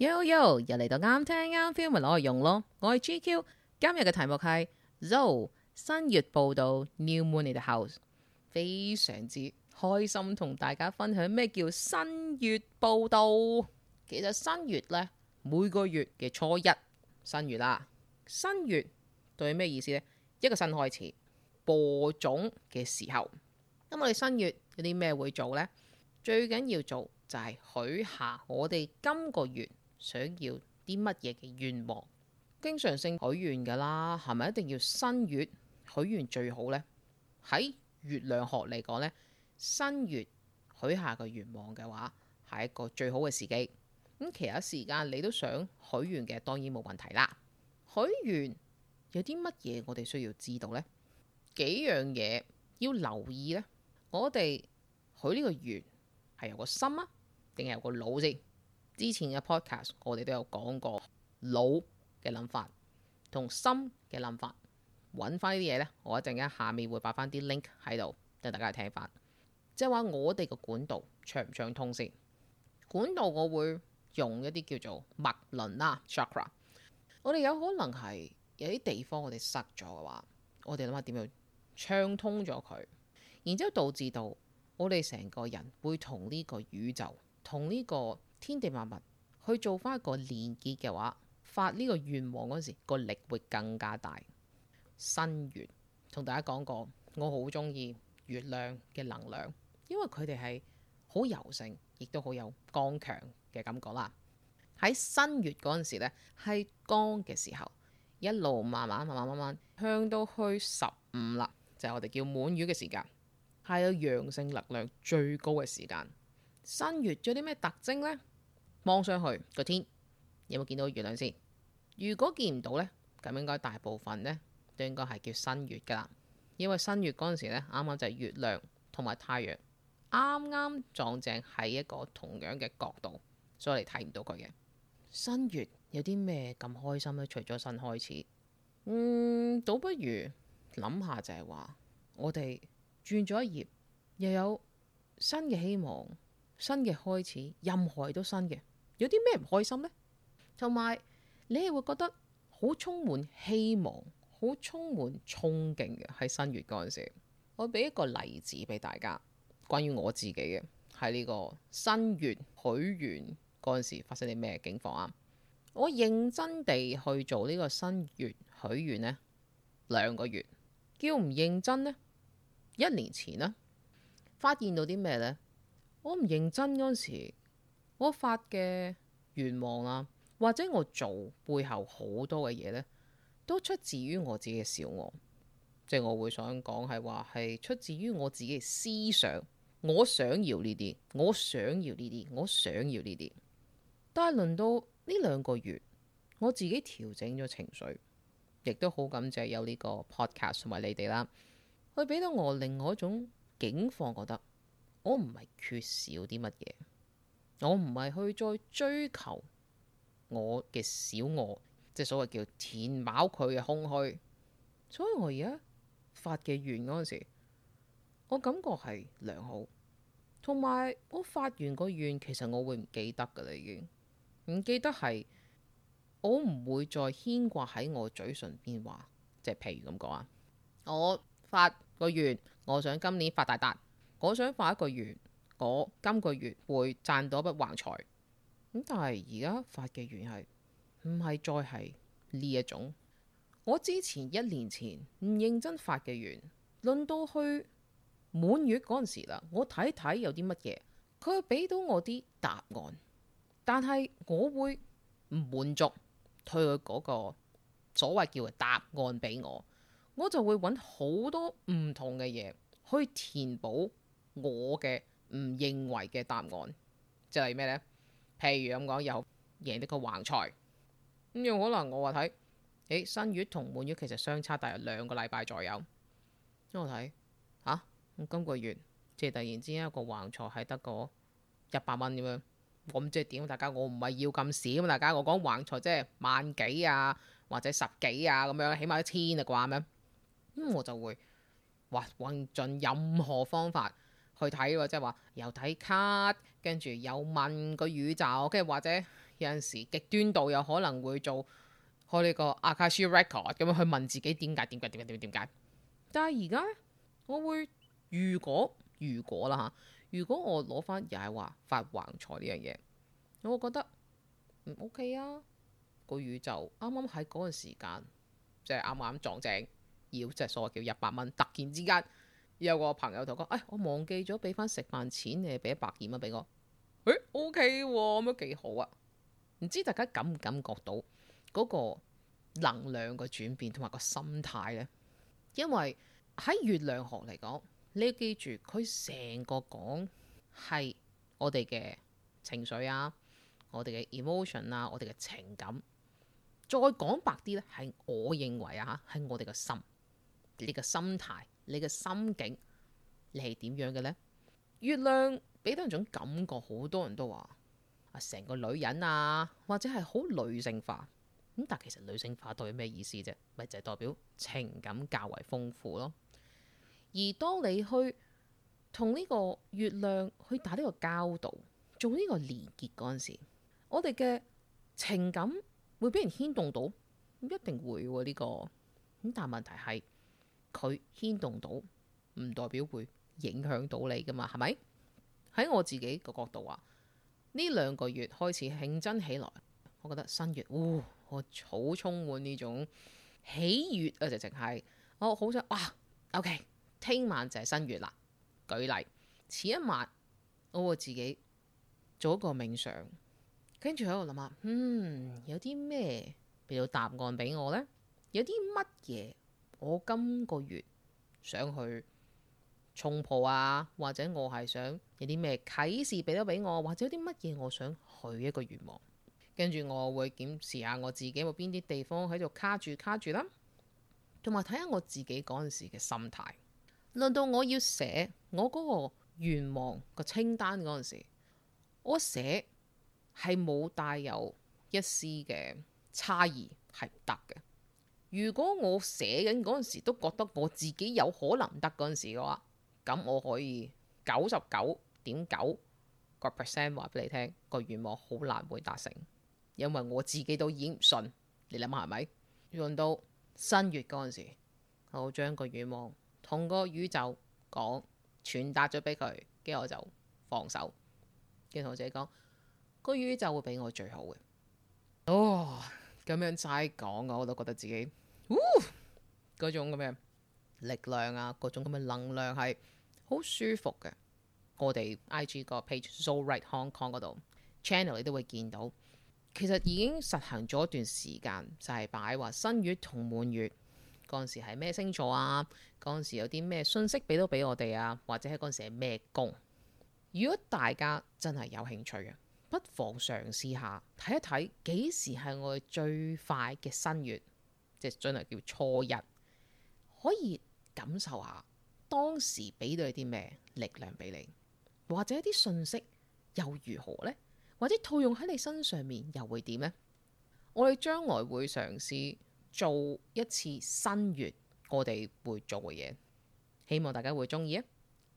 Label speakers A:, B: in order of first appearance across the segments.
A: Yo Yo 又嚟到啱聽啱 feel 咪攞嚟用咯！我係 G Q，今日嘅題目係 Zo 新月報到 New Moon in the House，非常之開心同大家分享咩叫新月報到。其實新月呢，每個月嘅初一，新月啦。新月對咩意思呢？一個新開始，播種嘅時候。咁我哋新月有啲咩會做呢？最緊要做就係許下我哋今個月。想要啲乜嘢嘅願望，經常性許願㗎啦，係咪一定要新月許願最好呢？喺月亮學嚟講呢，新月許下個願望嘅話，係一個最好嘅時機。咁其他時間你都想許願嘅，當然冇問題啦。許願有啲乜嘢我哋需要知道呢？幾樣嘢要留意呢？我哋許呢個願，係有個心啊，定係有個腦先？之前嘅 podcast，我哋都有講過腦嘅諗法同心嘅諗法，揾翻啲嘢呢，我一陣間下面會擺翻啲 link 喺度，等大家聽翻。即係話我哋個管道暢唔暢通先？管道我會用一啲叫做脈輪啦、Chakra。我哋有可能係有啲地方我哋塞咗嘅話，我哋諗下點樣暢通咗佢，然之後導致到我哋成個人會同呢個宇宙同呢個。天地萬物去做翻一個連結嘅話，發呢個願望嗰時個力會更加大。新月同大家講過，我好中意月亮嘅能量，因為佢哋係好柔性，亦都好有剛強嘅感覺啦。喺新月嗰陣時咧，係光嘅時候，一路慢慢慢慢慢慢向到去十五啦，就係、是、我哋叫滿月嘅時間，係有陽性能量最高嘅時間。新月仲有啲咩特徵呢？望上去個天有冇見到月亮先？如果見唔到呢，咁應該大部分呢，都應該係叫新月噶啦。因為新月嗰陣時呢，啱啱就係月亮同埋太陽啱啱撞正喺一個同樣嘅角度，所以你睇唔到佢嘅。新月有啲咩咁開心呢？除咗新開始，嗯，倒不如諗下就係話我哋轉咗一頁，又有新嘅希望。新嘅開始，任何嘢都新嘅，有啲咩唔開心呢？同埋你係會覺得好充滿希望，好充滿憧憬嘅喺新月嗰陣時。我俾一個例子俾大家，關於我自己嘅喺呢個新月許願嗰陣時發生啲咩境況啊！我認真地去做呢個新月許願呢，兩個月，叫唔認真呢？一年前呢，發現到啲咩呢？我唔認真嗰陣時，我發嘅願望啊，或者我做背後好多嘅嘢呢，都出自於我自己嘅小我，即係我會想講係話係出自於我自己嘅思想，我想要呢啲，我想要呢啲，我想要呢啲。但係輪到呢兩個月，我自己調整咗情緒，亦都好感謝有呢個 podcast 同埋你哋啦，佢俾到我另外一種境況，覺得。我唔係缺少啲乜嘢，我唔係去再追求我嘅小我，即係所謂叫填飽佢嘅空虛。所以我而家發嘅願嗰陣時，我感覺係良好，同埋我發完個願，其實我會唔記得噶啦，已經唔記得，係我唔會再牽掛喺我嘴唇邊話，即係譬如咁講啊，我發個願，我想今年發大達。我想發一個願，我今個月會賺到一筆橫財。咁但係而家發嘅願係唔係再係呢一種？我之前一年前唔認真發嘅願，輪到去滿月嗰陣時啦，我睇睇有啲乜嘢，佢會俾到我啲答案，但係我會唔滿足佢嗰個所謂叫答案俾我，我就會揾好多唔同嘅嘢去填補。我嘅唔認為嘅答案即係咩呢？譬如咁講，有贏得個橫財咁，又可能我話睇誒新月同滿月其實相差大約兩個禮拜左右，因我睇吓，咁、啊、今個月即係突然之間一個橫財係得個一百蚊咁樣，我唔知點大家，我唔係要咁少大家我講橫財即係萬幾啊，或者十幾啊咁樣，起碼一千啊啩咩，咁我就會，哇，運盡任何方法。去睇喎，即係話有睇卡，跟住有問個宇宙，跟住或者有陣時極端度有可能會做開呢個阿卡西 record 咁樣去問自己點解點解點解點解點解？但係而家我會如果如果啦嚇，如果我攞翻又係話發橫財呢樣嘢，我覺得唔 OK 啊，個宇宙啱啱喺嗰陣時間，即係啱啱撞正，要即係、就是、所謂叫一百蚊突然之間。有個朋友就講，誒、哎，我忘記咗俾翻食飯錢，你係俾一百幾蚊俾我。誒，OK，咁樣幾好啊？唔知大家感唔感覺到嗰個能量嘅轉變同埋個心態呢？因為喺月亮學嚟講，你要記住，佢成個講係我哋嘅情緒啊，我哋嘅 emotion 啊，我哋嘅情感。再講白啲呢，係我認為啊，係我哋嘅心，你個心態。你嘅心境，你係點樣嘅呢？月亮俾到人種感覺，好多人都話啊，成個女人啊，或者係好女性化。咁但其實女性化代表咩意思啫？咪就係、是、代表情感較為豐富咯。而當你去同呢個月亮去打呢個交道，做呢個連結嗰陣時，我哋嘅情感會俾人牽動到，一定會呢個。咁但係問題係。佢牽動到唔代表會影響到你㗎嘛？係咪？喺我自己個角度啊，呢兩個月開始競爭起來，我覺得新月，我好充滿呢種喜悅啊！直淨係，我好想哇，OK，聽晚就係新月啦。舉例，遲一晚我我自己做一個冥想，跟住喺度諗下，嗯，有啲咩俾到答案俾我呢？有啲乜嘢？我今個月想去沖破啊，或者我係想有啲咩啟示俾到俾我，或者有啲乜嘢我想許一個願望，跟住我會檢視下我自己有邊啲地方喺度卡住卡住啦，啊，同埋睇下我自己嗰陣時嘅心態。輪到我要寫我嗰個願望個清單嗰陣時，我寫係冇帶有一絲嘅差異係唔得嘅。如果我寫緊嗰陣時都覺得我自己有可能得嗰陣時嘅話，咁我可以九十九點九個 percent 話俾你聽，個願望好難會達成，因為我自己都已經唔信。你諗下係咪？用到新月嗰陣時，我將個願望同個宇宙講傳達咗俾佢，跟住我就放手，跟住同我自己講，個宇宙會俾我最好嘅。哦。咁樣齋講，我我都覺得自己嗰種咁嘅力量啊，嗰種咁嘅能量係好舒服嘅。我哋 I G 個 page Zorite Hong Kong 嗰度 channel 你都會見到。其實已經實行咗一段時間，就係、是、擺話新月同滿月嗰陣時係咩星座啊？嗰陣時有啲咩信息俾到俾我哋啊？或者喺嗰陣時係咩宮？如果大家真係有興趣嘅，不妨嘗試下睇一睇幾時係我哋最快嘅新月，即係將來叫初一，可以感受下當時俾到你啲咩力量俾你，或者啲信息又如何呢？或者套用喺你身上面又會點呢？我哋將來會嘗試做一次新月，我哋會做嘅嘢，希望大家會鍾意啊！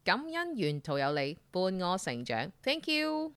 A: 感恩沿途有你伴我成長，Thank you。